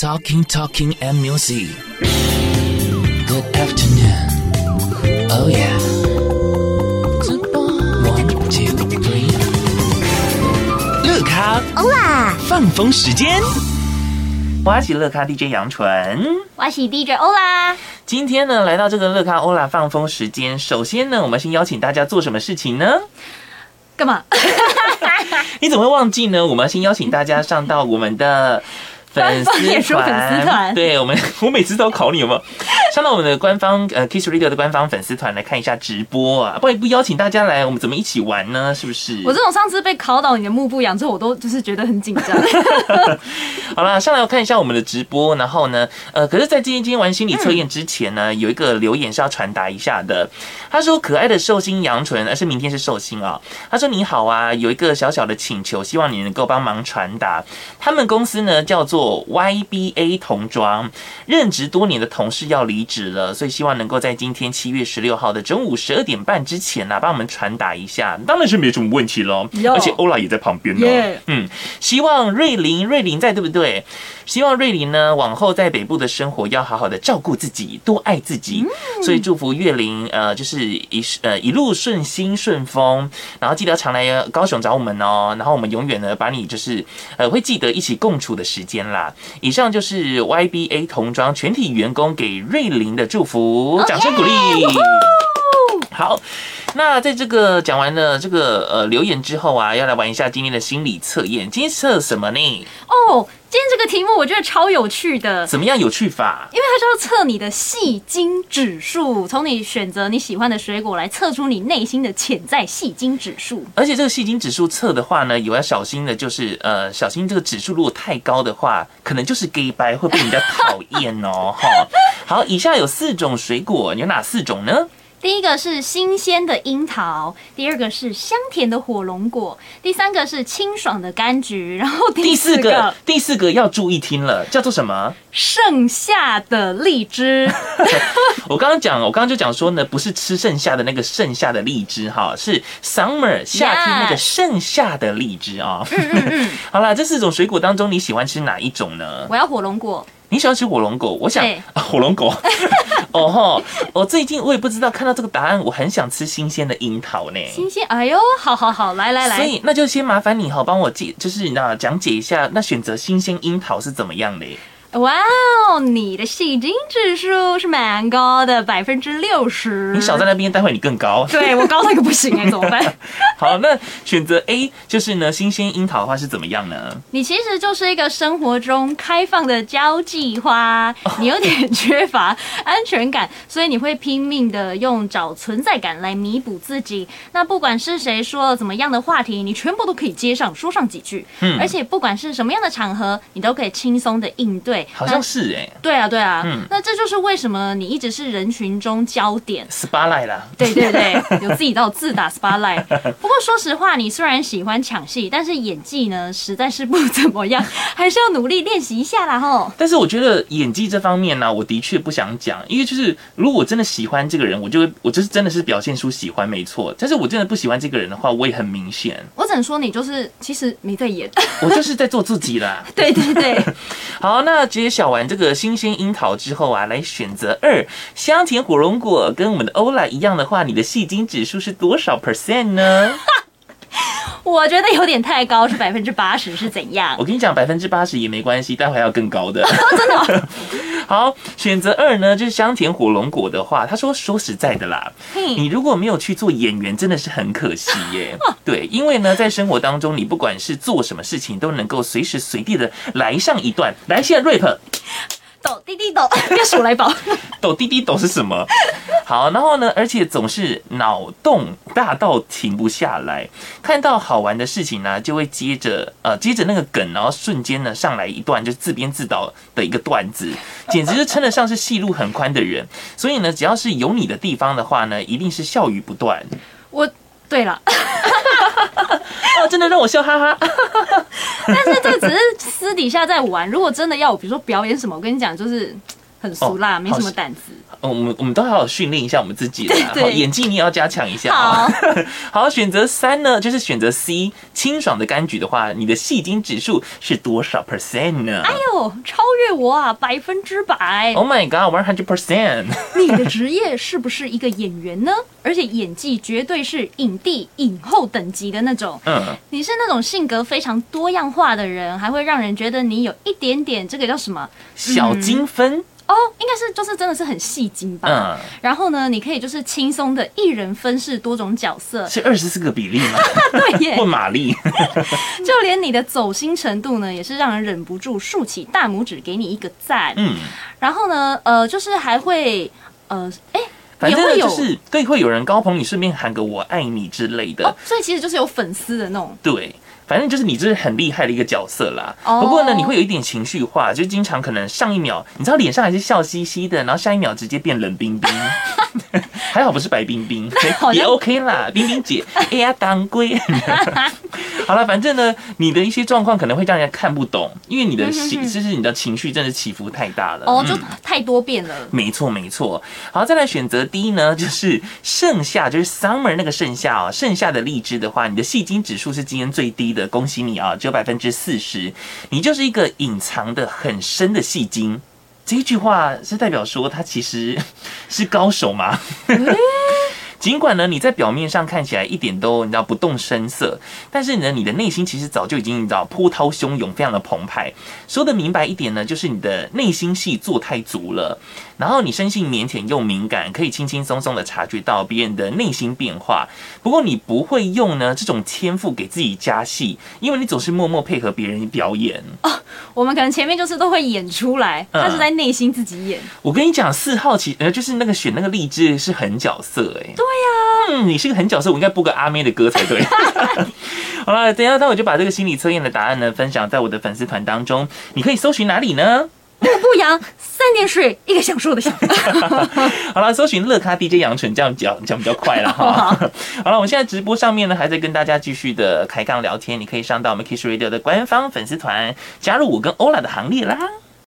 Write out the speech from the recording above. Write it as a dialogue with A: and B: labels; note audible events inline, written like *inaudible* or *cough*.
A: Talking, talking, and music. Good afternoon. Oh yeah. One, two, three. 樂咖歐啦，放風時間。我是樂咖 DJ 楊純，我是 DJ 歐啦。今天呢，來到這個樂咖歐啦放風時間，首先呢，我們先邀請大家做什麼事情呢？
B: 幹嘛？
A: *laughs* *laughs* 你怎麼會忘記呢？我們先邀請大家上到我們的。 *laughs* 粉絲團，對我們，我每次都要考你，有沒有？ *laughs* *laughs* 上到我們的官方呃，Kiss Radio 的官方粉絲團來看一下直播啊！不不邀請大家來，我們怎麼一起玩呢？是不是？我這種
B: 上次被考倒你的幕布癢之後，我都就是覺得很緊張。
A: 好啦，上來我看一下我們的直播，然後呢，呃，可是，在今天今天玩心理測驗之前呢、嗯，有一個留言是要傳達一下的。他說：“可愛的壽星楊純，而是明天是壽星啊、喔。”他說：“你好啊，有一個小小的請求，希望你能夠幫忙傳達。他們公司呢叫做 YBA 童裝，任職多年的同事要離。”離職了，所以希望能夠在今天七月十六號的中午十二點半之前呢、啊，幫我們傳達一下。當然是沒什麼問題了，Yo. 而且歐啦也在旁邊呢、啊。Yeah. 嗯，希望瑞琳，瑞琳在，對不對？希望瑞玲，呢，往後在北部的生活要好好的照顧自己，多愛自己。嗯、所以祝福月玲，呃，就是一呃一路順心順風。然後記得常來高雄找我們哦。然後我們永遠呢把你就是呃會記得一起共處的時間啦。以上就是 YBA 童裝全體員工給瑞玲的祝福，掌聲鼓勵，okay。好，那在這個講完了這個呃留言之後啊，要來玩一下今天的心理測驗，今天測什麼呢？哦
B: ，oh。今天這個題目我覺得超有趣的，怎
A: 麼樣有趣法？因為
B: 它是要測你的戲精指數，從你選擇你喜歡的水果來測出你內心的潛在戲精指數。
A: 而且這個戲精指數測的話呢，有要小心的，就是呃，小心這個指數如果太高的話，可能就是 gay 掰會被人家討厭哦。好，以下有四種水果，你有哪四種呢？
B: 第一個是新鮮的櫻桃，第二個是香甜的火龍果，第三個是清爽的柑橘，然後第四，第四個，
A: 第四個要注意聽了，叫做什麼？
B: 盛夏的荔枝。 *laughs*
A: 我剛剛講，我剛剛就講說呢，不是吃剩下的那個剩下的荔枝哈，是 summer 夏天那個盛夏的荔枝啊。Yeah. *laughs* 好啦，這四種水果當中，你喜歡吃哪一種呢？
B: 我要火龍果。
A: 你喜歡吃火龍果，我想、啊、火龍果。 *laughs* *laughs* 哦吼！我最近我也不知道看到這個答案，我很想吃新鮮的櫻桃呢。新
B: 鮮，哎呦，好好好，來來來，所以
A: 那就先麻煩你哈、哦，幫我記，就是那講解一下，那選擇新鮮櫻桃是怎麼樣的。
B: 哇哦，你的戲精指數是蠻高的，百分之六十。
A: 你少在那邊待會，你更高。對，我高那個不行，欸，哎，怎麼辦？ *laughs* 好，那選擇 A 就是呢，新鮮櫻桃的話是怎麼樣呢？
B: 你其實就是一個生活中開放的交際花，你有點缺乏安全感，oh. 所以你會拼命的用找存在感來彌補自己。那不管是誰說了怎麼樣的話題，你全部都可以接上，說上幾句。嗯，而且不管是什麼樣的場合，你都可以輕鬆的應對。
A: 好像是哎、欸，
B: 對啊對啊、嗯，那這就是為什麼你一直是人群中焦點
A: ，spotlight 啦、嗯，對對對， *laughs* 有自己
B: 到自打 *laughs* spotlight。不過說實話，你雖然喜歡搶戲，但是演技呢，實在是不怎麼樣，還是要努力練習一下啦哈，
A: 但是我覺得演技這方面呢、啊，我的確不想講，因為就是如果我真的喜歡這個人，我就我就是真的是表現出喜歡沒錯。但是我真的不喜歡這個人的話，我也很明顯。
B: 我只能說你就是其實沒在演，
A: *laughs* 我就是在做自己啦。 *laughs* 對對對， *laughs* 好那。揭曉完這個新鮮櫻桃之後啊，來選擇二，香甜火龍果，跟我們的歐啦一樣的話，你的戲精指數是多少 percent 呢？
B: 我覺得有點太高，是百分之八十是怎樣？ *laughs*
A: 我跟你講，百分之八十也沒關係，待會還要更高的。真的。好，選擇二呢，就是香甜火龍果的話，他說說實在的啦，你如果沒有去做演員，真的是很可惜耶。對，因為呢，在生活當中，你不管是做什麼事情，都能夠隨時隨地的來上一段，來現在 rap。
B: *laughs* *laughs* 抖滴滴抖，要數來寶。
A: *laughs* *laughs* 抖滴滴抖是什麼？好，然後呢，而且總是腦洞大到停不下來，看到好玩的事情呢，就會接着呃，接着那個梗，然後瞬間呢上來一段，就自編自導的一個段子，簡直就稱得上是戲路很寬的人。所以呢，只要是有你的地方的話呢，一定是笑語不斷。
B: 我，對了、 *laughs* 哦，真的讓我笑哈哈， *laughs* *laughs* 但是這只是私底下在玩，如果真的要我，比如說表演什麼，我跟你講就是。很俗辣，哦、沒什麼膽
A: 子、哦。我們我們都好好訓練一下我們自己啦、啊對對對，演技，你也要加強一下、哦。好， *laughs* 好，選擇三呢，就是選擇 C，清爽的柑橘的話，你的戲精指數是多少 percent 呢？哎
B: 呦，超越我啊，百分之百。Oh my
A: god，one hundred percent。
B: 你的職業是不是一個演員呢？ *laughs* 而且演技絕對是影帝影后等級的那種。嗯。你是那種性格非常多樣化的人，還會讓人覺得你有一點點這個叫什麼？小精分。嗯哦、oh，應該是就是真的是很戲精吧。嗯，然後呢，你可以就是輕鬆的一人分飾多種角色，是
A: 二十四個比例嗎？
B: *laughs* 對耶，問瑪麗，就連你的走心程度呢，也是讓人忍不住豎起大拇指給你一個讚。嗯，然後呢，呃，就是還會，呃，哎、欸。反正就是，
A: 所以會有人高捧你，順便喊個“我愛你”之類的，
B: 哦。所以其實就是有粉絲的那種。
A: 對，反正就是你就是很厲害的一個角色啦，哦。不過呢，你會有一點情緒化，就是經常可能上一秒你知道臉上還是笑嘻嘻的，然後下一秒直接變冷冰冰。 *laughs* *laughs* 還好不是白冰冰，也 OK 啦， *laughs* 冰冰姐，哎呀，當歸。 *laughs* *laughs* 好了，反正呢，你的一些狀況可能會讓人家看不懂，因為你的情、嗯，就是你的情緒真的起伏太大了，哦，就
B: 太多變了。
A: 沒、嗯、錯，沒錯。好，再來選擇第一呢，就是盛夏就是 summer 那個盛夏哦，盛夏的荔枝的話，你的戲精指數是今天最低的，恭喜你啊，只有百分之四十，你就是一個隱藏的很深的戲精。這一句話是代表說他其實是高手嗎？欸儘管呢，你在表面上看起來一點都你知道不動聲色，但是呢，你的內心其實早就已經你知道波濤洶湧，非常的澎湃。說得明白一點呢，就是你的內心戲做太足了。然後你生性靦腆又敏感，可以輕輕鬆鬆的察覺到別人的內心變化。不過你不會用呢這種天賦給自己加戲，因為你總是默默配合別人表演。哦，
B: 我們可能前面就是都會演出來，嗯、他是在內心自己演。
A: 我跟你講，四號其呃就是那個選那個荔枝是狠角色哎、欸。對、嗯、呀，你是個狠角色，我應該播個阿妹的歌才對。 *laughs* 好了，等一下，那我就把這個心理測驗的答案呢，分享在我的粉絲團當中。你可以搜尋哪裡呢？ *laughs* 不不陽三點水一個享受的小。 *laughs* *laughs* 好了，搜尋樂咖 DJ 楊淳這樣講，這樣比較快了哈。 *laughs* 好了，我們現在直播上面呢，還在跟大家繼續的開槓聊天，你可以上到我們 Kiss Radio 的官方粉絲團，加入我跟歐啦的行列啦。